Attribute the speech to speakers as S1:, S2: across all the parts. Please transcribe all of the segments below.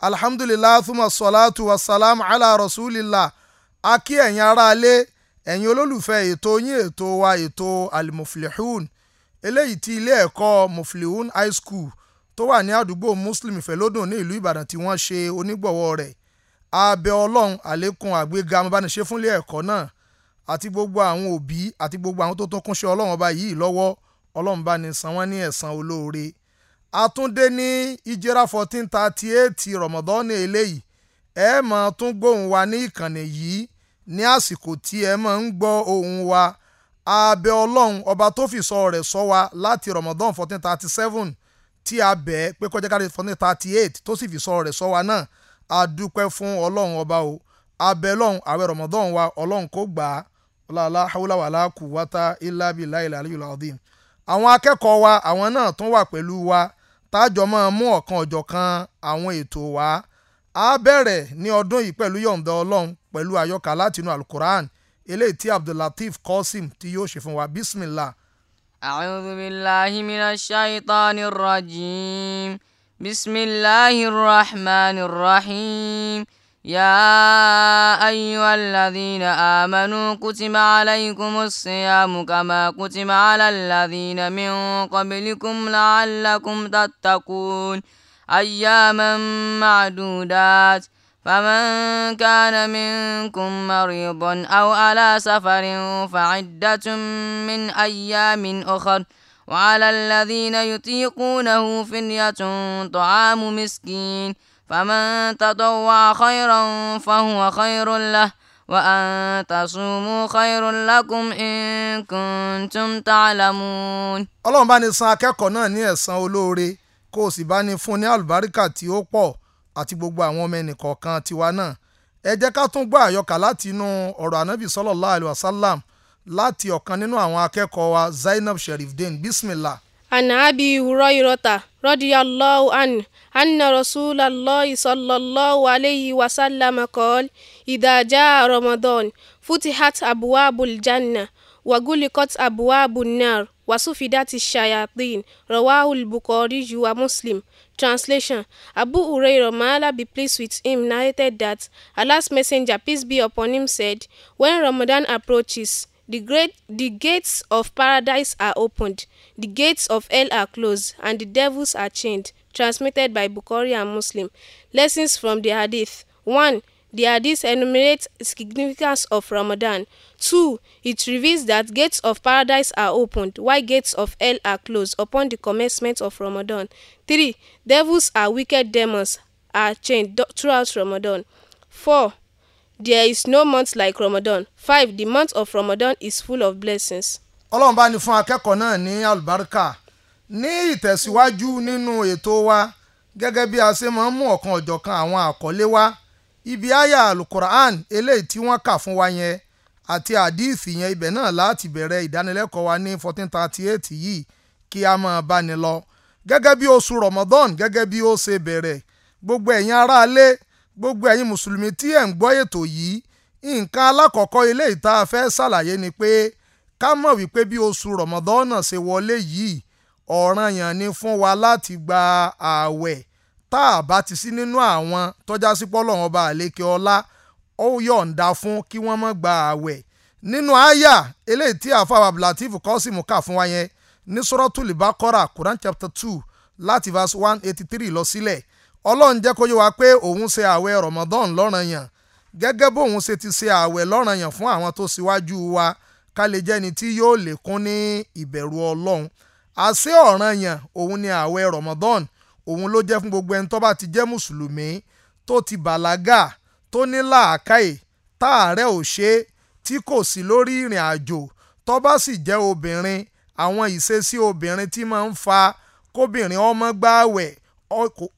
S1: alhamdulilah thumma salatu wa salam ala rasulillah a kí ẹ̀yin aráalé ẹ̀yin olólùfẹ́ ètò yín ètò wa ètò almuflihun eléyìí tí ilé ẹ̀kọ́ muflihun high school tó wà ní àdúgbò muslim ìfẹ́lódùn ní ìlú ìbàdàn tí wọ́n ṣe onígbọ̀wọ́ rẹ̀ abẹ ọlọ́run àlékún àgbéga amúbánisẹ́ fúnlé ẹ̀kọ́ náà àti gbogbo àwọn òbí àti gbogbo àwọn tó tún kúnṣe ọlọ́run ọba yìí lọ́wọ́ ọlọ́run bá ní san wọ́n ní ẹ̀san olóore àtúndé ní ìjírá fourteen thirty eight rọ̀mọ̀dọ́nì eléyìí ẹ máa tún gbóhùn wa ní ìkànnì yìí ní àsìkò tí ẹ máa ń gbọ́ ohùn wa abẹ ọlọ́run ọba tó fi sọ rẹ̀ sọ wa láti rọ̀mọ̀dọ́n fourteen thirty seven tí a bẹ̀ pé kọjá káre fourteen thirty eight tó sì fi sọ rẹ̀ sọ wa náà a dúpẹ́ fún ọlọ́run ọba o abẹ ọlọ́run àwẹ̀ rọ̀mọ̀dọ́n wa ọlọ́run kò gbà á ọlọ́ọ̀lá haúlá wàlá kù wátá ilá bíi láìláìlá yìí lọ́dún àwọn akẹ́kọ̀ọ́ wa àwọn náà tún wà pẹ̀lú wa tájọ máa mú ọ̀kan ọ̀jọ̀kan àwọn ètò wa a bẹ̀rẹ̀ ní ọdún yìí pẹ̀lú yọ̀ǹda ọlọ́run pẹ̀lú àyọkà látinú alukoran eléyìí tí abdullateef kọ́sìm tí yóò ṣe fún wa bismillah.
S2: a'udhu billahi minash shaitani rajim bismillahir rahmanir rahim. يا أيها الذين آمنوا كتب عليكم الصيام كما كتب على الذين من قبلكم لعلكم تتقون أياما معدودات فمن كان منكم مريضا أو على سفر فعدة من أيام أخر وعلى الذين يطيقونه فنية طعام مسكين فمن تطوع خيرا فهو خير له وأن تصوموا خير لكم إن كنتم تعلمون.
S1: ọlọ́run bá ní san akẹ́kọ̀ọ́ náà ní ẹ̀san olóore kó o sì bá ní fún ní àlùbáríkà tí ó pọ̀ àti gbogbo àwọn ọmọ ẹnìkọ̀ọ̀kan tiwa náà. ẹ jẹ́ ká tún gbọ́ àyọkà láti inú ọ̀rọ̀ ànábì sallallahu alaihi wasallam láti ọ̀kan nínú àwọn akẹ́kọ̀ọ́ wa Zainab Sherifdeen bismillah.
S2: عن أبي هريرة رضي الله عنه أن رسول الله صلى الله عليه وسلم قال إذا جاء رمضان فتحت أبواب الجنة وغلقت أبواب النار وسفدت الشياطين رواه البخاري ومسلم Translation Abu Hurairah, may Allah be pleased with him, narrated that Allah's messenger, peace be upon him, said, When Ramadan approaches, The, great, the gates of paradise are opened, the gates of hell are closed, and the devils are chained. Transmitted by Bukhari and Muslim. Lessons from the Hadith. One, The Hadith enumerates significance of Ramadan. Two, It reveals that gates of paradise are opened, while gates of hell are closed upon the commencement of Ramadan. Three, Devils are wicked demons are chained throughout Ramadan. Four. There is no month like Ramadan. Five, the month of Ramadan is
S1: full of blessings. Ọlọ́run bá ní fún akẹ́kọ̀ọ́ náà ní àlùbáríkà ní ìtẹ̀síwájú nínú ètò wa gẹ́gẹ́ bí a ṣe máa ń mú ọ̀kan ọ̀jọ̀kan àwọn àkọlé wa ibi àyà alukoran eléyìí tí wọ́n kà fún wa yẹn àti àdíìsì yẹn ibẹ̀ náà láti bẹ̀rẹ̀ ìdánilẹ́kọ̀ọ́ wa ní fourteen thirty eight yìí kí a máa bá ní lọ gẹ́gẹ́ bí oṣù Ramadan gẹ́gẹ́ bí ó ṣe bẹ̀rẹ̀ gbogbo ẹ̀yin aráalé gbogbo ẹ̀yin mùsùlùmí tí ẹ̀ ń gbọ́ ètò yìí nǹkan alákọ̀ọ́kọ́ ilé ìta fẹ́ ṣàlàyé ni pé ká mọ̀ wípé bí oṣù rọ̀mọ̀dọ́nà ṣe wọlé yìí ọ̀ranyàn ni fún wa láti gba ààwẹ̀ tá a bá ti sí nínú àwọn tọ́já sí pọ́lọ́run ọba àlékè ọlá ó yọ̀ǹda fún kí wọ́n má gba ààwẹ̀ nínú àyà eléyìí tí àfàwà Abdulateef Kọ́símù kà fún wa yẹn ní Suratul Baqara Quran chapter two láti verse one eighty three lọ sílẹ̀ si ọlọ́run jẹ́ kó yé wa pé òun ṣe ààwẹ̀ Ramadan lọ́ranyàn gẹ́gẹ́ bóun ṣe ti ṣe ààwẹ̀ lọ́ranyàn fún àwọn tó ṣíwájú wa ká lè jẹ́ ni tí yóò lékún ní ìbẹ̀rù ọlọ́run àṣẹ ọ̀ranyàn òun ni ààwẹ̀ Ramadan òun ló jẹ́ fún gbogbo ẹni tó bá ti jẹ́ mùsùlùmí tó ti bàlágà tó ní làákàyè táàárẹ̀ ò ṣe tí kò sí lórí ìrìn àjò tó bá sì jẹ́ obìnrin àwọn ìṣesí obìnrin tí máa ń fa kóbìnrin ọmọ gbáwẹ̀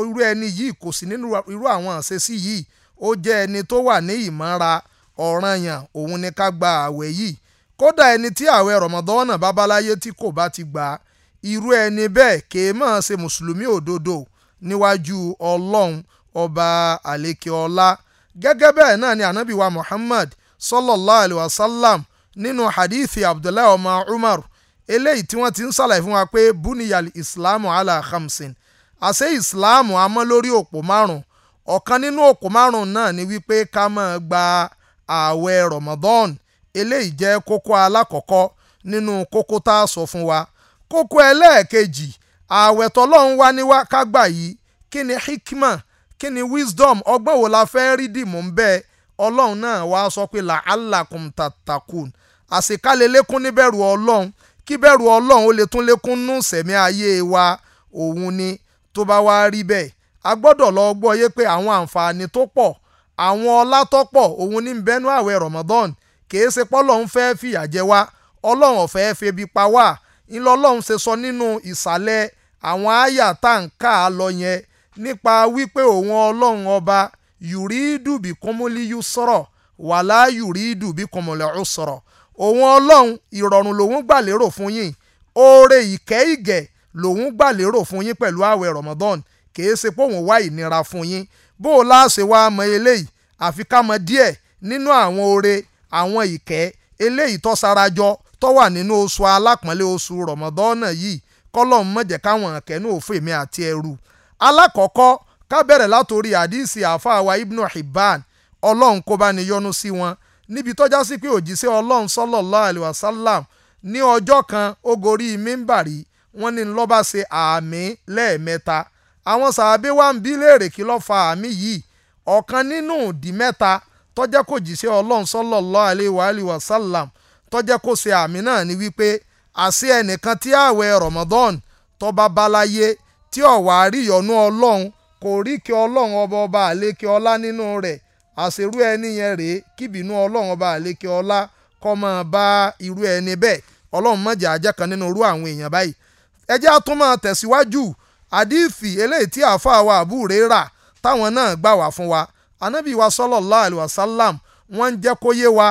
S1: irú ẹni yìí kò sí nínú irú àwọn àṣesí yìí ó jẹ́ ẹni tó wà ní ìmọ̀ra ọ̀ranyàn òun ni ká gba ààwẹ̀ yìí kódà ẹni tí ààwẹ̀ rọ̀mọ̀dọ́nà babaláyé tí kò bá ti gbà irú ẹni bẹ́ẹ̀ kèé máa ṣe mùsùlùmí òdodo níwájú ọlọ́run ọba àlekè ọlá gẹ́gẹ́ bẹ́ẹ̀ náà ni ànábì muhammad sallallahu alayhi wa sallam nínú hadithi abdullahi ọmọ umar eléyìí tí wọ́n ti ń ṣàlàyé fún wa pé buniyal islam ala khamsin àṣé ìsìláàmù amọ́ lórí òpó márùn-ún ọ̀kan nínú òpó márùn-ún náà ni wípé ká máa gba ààwẹ̀ Ramadan eléyìí jẹ́ kókó alákọ̀ọ́kọ́ nínú kókó tá a sọ fún wa kókó ẹlẹ́ẹ̀kejì ààwẹ̀ tọ́lọ́run wá níwá ká gbà yìí kí ni hikma kí ni wisdom ọgbọ́n wo la fẹ́ rí dìmú ń bẹ́ẹ̀ ọlọ́run náà wá sọ pé la'allakum tattakun àṣekále lékún níbẹ̀rù ọlọ́run kí bẹ̀rù ọlọ́run ó lè tún lékún nù sẹ̀mí ayé wa òun ni tó bá wá rí bẹ́ẹ̀ a gbọ́dọ̀ lọ gbọ́ yé pé àwọn àǹfààní tó pọ̀ àwọn ọlá tó pọ̀ òun ní bẹ́nu àwẹ̀ Ramadan kìí ṣe pọ́lọ́ ń fẹ́ fìyà jẹ wá ọlọ́run ọ̀fẹ́ febi pa wá ńlọ́lọ́run ṣe sọ nínú ìsàlẹ̀ àwọn àyà tá à ń kà á lọ yẹn nípa wípé òun ọlọ́run ọba yùrídù bí kọ́mọ́lì yù sọ̀rọ̀ wàlá yùrídù bí kọ́mọ́lì ọ̀hún òun ọlọ́run ìrọ̀rùn lòun gbà fún yín oore ìkẹ́ ìgẹ̀ lòun gbà lérò fún yín pẹ̀lú ààwẹ̀ Ramadan kìí ṣe pé òun wá ìnira fún yín bó o láṣẹ wá mọ eléyìí àfi ká mọ díẹ̀ nínú àwọn oore àwọn ìkẹ́ eléyìí tó sarajọ tó wà nínú oṣù alápọ̀nlé oṣù Ramadan yìí kọ́lọ́n má jẹ́ káwọn àkẹ́nu òfin mi àti ẹrù alákọ̀ọ́kọ́ ká bẹ̀rẹ̀ látòrí àdìsí àfáàwá ibnu Hibban ọlọ́run kó bá ní yọ́nú sí wọn níbi tọ́já sí pé òjíṣẹ́ ọlọ́run sallallahu alaihi wasallam ní ọjọ́ kan ó gorí mímbàrí wọ́n ní lọ́ba ṣe àmì lẹ́ẹ̀mẹ́ta àwọn sàábé wa ń bí léèrè kí ló fa àmì yìí ọ̀kan nínú ìdí mẹ́ta tọ́jẹ́ kò jíṣẹ́ ọlọ́run sallallahu alaihi wa alihi wa sallam tọ́jẹ́ kò ṣe àmì náà ni wípé àṣẹ ẹnìkan tí ààwẹ̀ Ramadan tọba balaye tí ọ̀wà àríyọ̀nú ọlọ́run kò rí kí ọlọ́run ọba ọba àlékè ọlá nínú rẹ̀ àṣerú ẹni yẹn rèé kíbínú ọlọ́run ọba àlékè ọlá kọ́ máa bá irú ẹni bẹ́ẹ̀ ọlọ́run má jẹ́ ajẹ́ kan nínú irú àwọn èèyàn báyìí ẹ jẹ́ àtún máa tẹ̀síwájú àdìfì eléyìí tí àáfàá wa àbúrè rà táwọn náà gbà wá fún wa anábì wa sallallahu alaihi wasallam wọ́n ń jẹ́ kó yé wa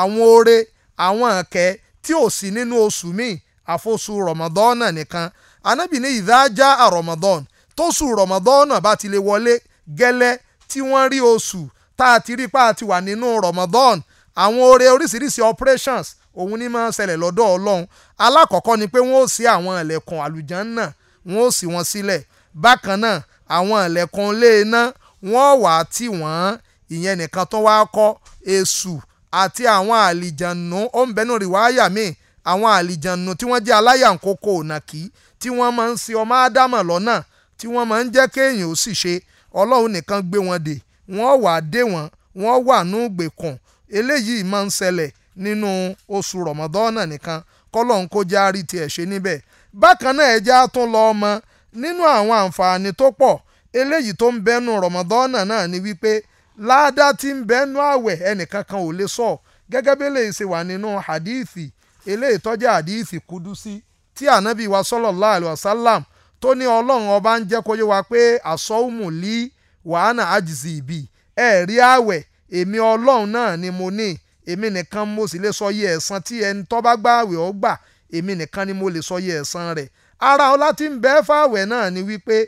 S1: àwọn oore àwọn àkẹ́ tí ò sí nínú oṣù míì àfosù rọmọdọ́nà nìkan anábì ní ìdájá àrọmọdọ́n tóṣù rọmọdọ́nà bá ti lè wọlé gẹ́lẹ́ tí wọ́n rí oṣù tá a ti rí pa àti wà nínú rọmọdọ́n àwọn oore oríṣiríṣi operations òun ní máa ń ṣẹlẹ̀ lọ́dọ̀ ọlọ́run alákọ̀ọ́kọ́ ni pé wọ́n ó ṣí àwọn ẹ̀lẹ́kùn àlùjànnà wọ́n ó ṣí wọn sílẹ̀ bákan náà àwọn ẹ̀lẹ́kùn ilé iná wọ́n wà á tì wọ́n ìyẹn nìkan tó wá kọ́ èṣù àti àwọn àlìjànù ó ń bẹnu rìwáyà míì àwọn àlìjànù tí wọ́n jẹ́ aláyànkókò ònàkí tí wọ́n máa ń ṣì ọmọ ádámà lọ́nà tí wọ́n máa ń jẹ́ kéèyàn ó sì ṣe ọlọ́run nìkan gbé wọn dè wọ́n wà á dé wọn wọ́n wà nú gbèkùn eléyìí máa ń ṣẹlẹ̀ nínú oṣù rọ̀mọ́dọ́nà nìkan kọ́lọ́n kó já tiẹ̀ ṣe níbẹ̀ bákan náà ẹ á tún lọ ọmọ nínú àwọn àǹfààní tó pọ̀ eléyìí tó ń bẹ́nu rọ̀mọ́dọ́nà náà ni wípé láàdá tí ń bẹ́nu àwẹ̀ ẹnìkankan ò lè sọ gẹ́gẹ́ bí eléyìí ṣe wà nínú hadithi eléyìí tó jẹ́ hadithi kudusi tí ànábì wa sallallahu alaihi wasallam tó ní ọlọ́run ọba ń jẹ́ kó yé wa pé àsọ́ùmù lí wàhánà àjìzì ìbí ẹ̀ẹ́rí àwẹ̀ èmi ọlọ́run náà ni mo ní èmi nìkan mo sì lè sọ iye ẹ̀san tí ẹni tó bá gbààwẹ̀ ó gbà èmi nìkan ni mo lè sọ iye ẹ̀san rẹ̀ ara ọlá tí ń bẹ fáwẹ̀ náà ni wípé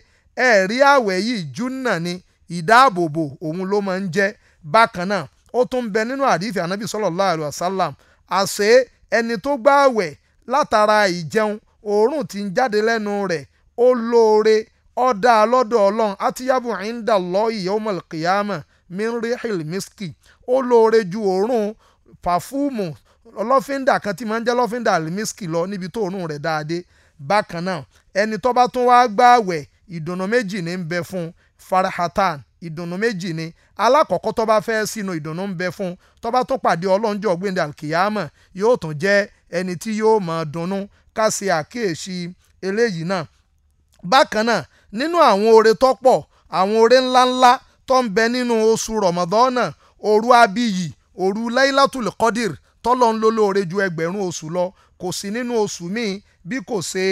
S1: ẹ̀rí àwẹ̀ yìí júnà ni ìdáàbòbò òun ló máa ń jẹ́ bákan náà ó tún bẹ nínú àdìsí ànábì sallallahu alaihi wasallam àṣé ẹni tó gbààwẹ̀ látara ìjẹun òórùn tí ń jáde lẹ́nu rẹ̀ ó lóore ó lọ́dọ̀ ọlọ́run atiyabu inda Allahi yawmal qiyamah min rihil miski ó lóore ju òórùn pàfúùmù lọ́fíńdà kan tí máa ń jẹ́ lọ́fíńdà alimiski lọ níbi tó òórùn rẹ̀ dáadé bákan náà ẹni tó bá tún wáá gbààwẹ̀ ìdùnnú méjì ní bẹ fún farahatan ìdùnnú méjì ni alákọ̀ọ́kọ́ tó bá fẹ́ sínú ìdùnnú ń bẹ fún tó bá tún pàdé ọlọ́njọ́ gbẹ̀ndẹ̀ alkiyama yóò tún jẹ́ ẹni tí yóò ma dunnú ká ṣe àkíyèsí eléyìí náà bákan náà nínú àwọn oore tó pọ̀ àwọn oore ńláńlá tó ń bẹ nínú oṣù òru láìlátùlù kọ́dìr tọ́lọ́ ń lò lóore ju ẹgbẹ̀rún oṣù lọ kò sí nínú oṣù míì bí kò ṣe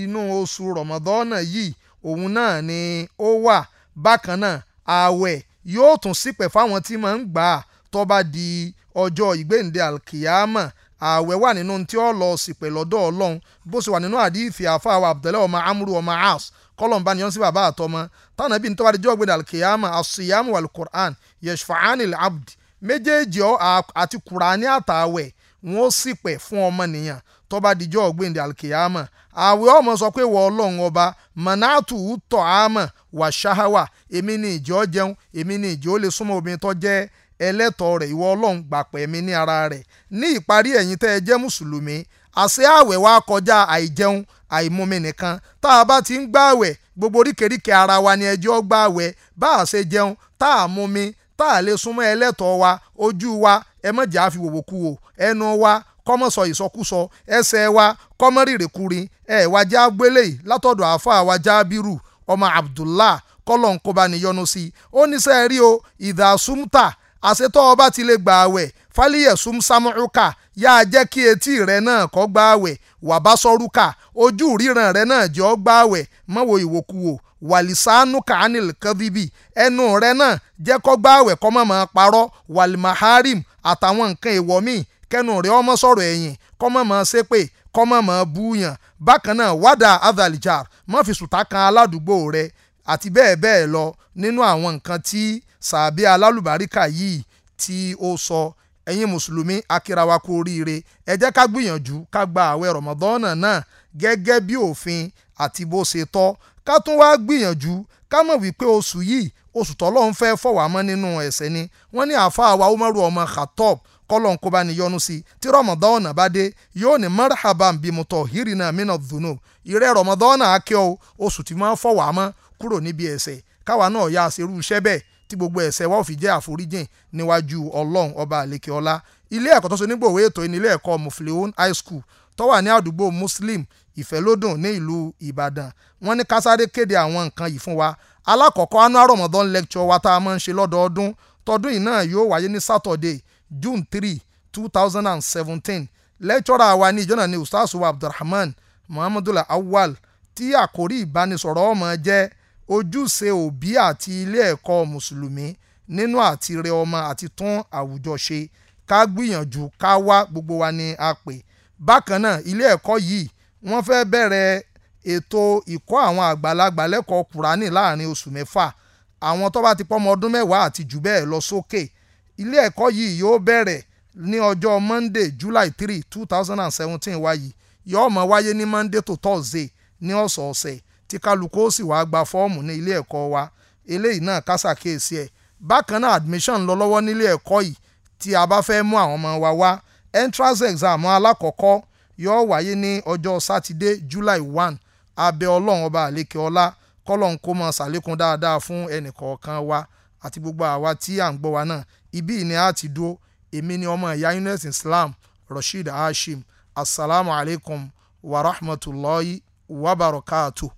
S1: inú oṣù rọ̀mọ̀dọ́nà yìí òun náà ni ó wà bákan náà ààwẹ̀ yóò tún sípẹ̀ fáwọn tí máa ń gbà á tó bá di ọjọ́ ìgbéǹde alkiyama ààwẹ̀ wà nínú tí ó lọ sípẹ̀ lọ́dọ̀ ọlọ́run bó ṣe wà nínú àdìfì àfàwà abdullahi ọmọ amúrú ọmọ as kọlọmba ni wọn sí bàbá àtọmọ tánàbí ní tó di jọ́ ìgbéǹde alkiyama asiyamu alukur'an yeshfa'anil abdi méjèèjì àti kùránì àtàwẹ̀ wọn ó sì pẹ̀ fún ọmọnìyàn tó bá dijọ́ ọ̀gbìndì alkiyama àwẹ̀ ọmọ sọ pé wọ́n ọlọ́run ọba manatu tọ̀ àmọ̀ wà ṣáháwà èmi ni ìjọ jẹun èmi ni ìjọ lè súnmọ́ obìnrin tó jẹ́ ẹlẹ́tọ̀ọ́ rẹ̀ ìwọ ọlọ́run gbàpẹ̀ mi ní ara rẹ̀ ní ìparí ẹ̀yin tẹ́ ẹ jẹ́ mùsùlùmí àṣẹ àwẹ̀ wa kọjá àìjẹun àìmumi nìkan tá a bá ti ń gbààwẹ̀ gbogbo oríkèéríkèé ara wa ni ẹjọ́ gbààwẹ̀ bá a ṣe jẹun tá a mumi tá a lè súnmọ́ ẹlẹ́tọ̀ọ́ wa ojú wa ẹ má jẹ́ àfi wòwò kú o ẹnu wa kọ́mọ̀ sọ ìsọkúsọ ẹsẹ̀ wa kọ́mọ̀ rírìkúrin ẹ̀ wá já gbélé látọ̀dọ̀ àáfàá wa Jábírù ọmọ Abdullah kọ́lọ̀ ń kóbá níyọnu sí i ó ní sẹ́ẹ̀ rí o ìdásúmtà àṣetọ́ ọba ti lè gbà àwẹ̀ fálíyẹ̀sùm sámúrúkà yáa jẹ́ kí etí rẹ náà kọ́ gbà àwẹ̀ wàbásọ́rúkà ojú ríran rẹ náà jẹ́ gbà àwẹ̀ mọ́wọ́ ìwòkuwò wàlìsánú kàánìl kẹ́bíbì ẹnu rẹ náà jẹ́ kó gbààwẹ̀ kó má máa parọ́ wàlìmáhárìm àtàwọn nǹkan èèwọ̀ míì kẹnu rẹ ọmọ sọ̀rọ̀ ẹ̀yìn kó má máa ṣépè kó má máa búyàn bákan náà wádà adalijar má fi sùtá kan aládùúgbò rẹ àti bẹ́ẹ̀ bẹ́ẹ̀ lọ nínú àwọn nǹkan tí sàbí alálùbáríkà yìí tí ó sọ ẹ̀yin mùsùlùmí akírawa kú oríire ẹ jẹ́ ká gbìyànjú ká gba àwẹ̀ rọ̀mọ́dọ́nà náà gẹ́gẹ́ bí òfin àti bó ṣe tọ́ ká tún wá gbìyànjú ká mọ̀ wípé oṣù yìí oṣù tọ́lọ́run fẹ́ fọ̀wá mọ́ nínú ẹ̀ṣẹ̀ ni wọ́n ní àáfàá wa umaru ọmọ khatob kọ́lọ̀ ń kó bá ní yọnu sí tí rọmọdọ́nà bá dé yóò ní marhaban bímutọ̀ hírínà mínà dùnú ìrẹ́ rọmọdọ́nà akẹ́ o oṣù tí wọ́n fọ̀wá mọ́ kúrò níbi ẹ̀ṣẹ̀ káwa náà yá aṣerú iṣẹ́ bẹ́ẹ̀ tí gbogbo ẹ̀ṣẹ̀ wa ò fi jẹ́ àforíjìn níwájú ọlọ́run ọba àlekè ilé ẹ̀kọ́ tó so nígbòwé ètò ìnílé ẹ̀kọ́ mufleon high school tó wà ní àdúgbò muslim ìfẹ́lódùn ní ìlú ìbàdàn wọ́n ní kásáré kéde àwọn nǹkan yìí fún wa alákọ̀ọ́kọ́ anu ramadan lecture wa tá a máa ń ṣe lọ́dọọdún tọdún yìí náà yóò wáyé ní saturday june three two thousand and seventeen lecture wa ní ìjọ́nà ní ustaz wa abdulrahman muhammadul awwal tí àkórí ìbánisọ̀rọ̀ ọmọ jẹ́ ojúṣe òbí àti ilé ẹ̀kọ́ mùsùlùmí nínú àti rẹ ọmọ àti tún àwùjọ ṣe ká gbìyànjú ká wá gbogbo wa ni a pè bákan náà ilé ẹ̀kọ́ yìí wọ́n fẹ́ bẹ̀rẹ̀ ètò ìkọ́ àwọn àgbàlagbà lẹ́kọ̀ọ́ kùránì láàrin oṣù mẹ́fà àwọn tó bá ti pọ́mọ ọdún mẹ́wàá àti jù bẹ́ẹ̀ lọ sókè ilé ẹ̀kọ́ yìí yóò bẹ̀rẹ̀ ní ọjọ́ monday july three two thousand and seventeen wáyé yóò máa wáyé ní monday to thursday ní ọ̀sọ̀ọ̀sẹ̀ tí kálukú ó sì wáá gba fọ́ọ̀mù ní ilé ẹ̀kọ́ wa eléyìí náà kásàkéèsì ẹ̀ bákan náà admission lọ lọ́wọ́ nílé ẹ̀kọ́ yìí tí a bá fẹ́ mú àwọn ọmọ wa wá entrance exam alákọ̀ọ́kọ́ yóò wáyé ní ọjọ́ sátidé july one abẹ́ ọlọ́run ọba àlékè ọlá kọ́lọ́n kó mọ ṣàlékún dáadáa fún ẹnìkọ̀ọ̀kan wa àti gbogbo àwa tí à ń gbọ́ wa náà ibí ni a dúró èmi ni ọmọ ìyá unis islam rasheed hashim asalaamualeykum wa rahmatulahi wa barakatuh.